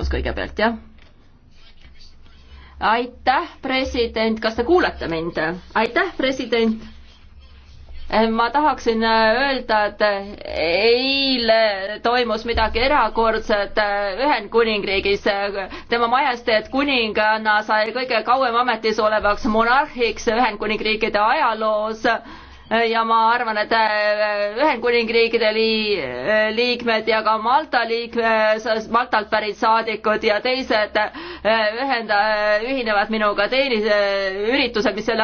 küsimus kõigepealt, jah? aitäh, president, kas te kuulete mind? aitäh, president ma tahaksin öelda, et eile toimus midagi erakordset Ühendkuningriigis. tema majesteet kuninganna sai kõige kauem ametis olevaks monarhiks Ühendkuningriikide ajaloos ja ma arvan, et äh, Ühendkuningriigide äh, liikmed ja ka Malta liikme, äh, Maltalt pärit saadikud ja teised ühenda, ühinevad minuga teenise, üritusel, mis selle